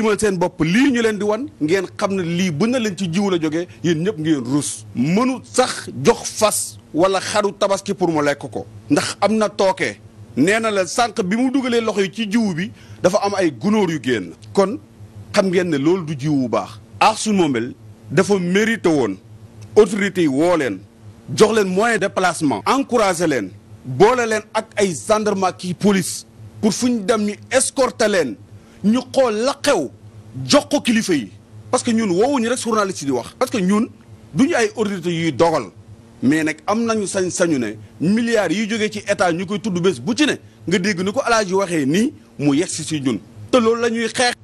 tiimal seen bopp lii ñu leen di wan ngeen xam ne lii bu na leen ci jiw la jógee yéen ñëpp ngeen rus mënu sax jox fas wala xaru tabaski pour mu lekk ko ndax am na tookee nee na la sànq bi mu dugalee loxo yi ci jiwu bi dafa am ay gunóor yu génn kon xam ngeen ne loolu du jiw wu baax Aar Sunu Moomeel dafa mérité woon autorités yi woo leen jox leen moyen de placement encouragé leen boole leen ak ay gendarme kii police pour fu ñu dem ñu escorter leen ñu xool la xew jox ko kilifa yi parce que ñun woowuñu rek journaliste di wax. parce que ñun ñu ay autorités yuy dogal mais nag am nañu sañ-sañu ne milliards yi jógee ci état ñu koy tudd bés bu ci nga dégg ni ko El ji waxee nii mu yegg si si ñun te loolu la ñuy xeex.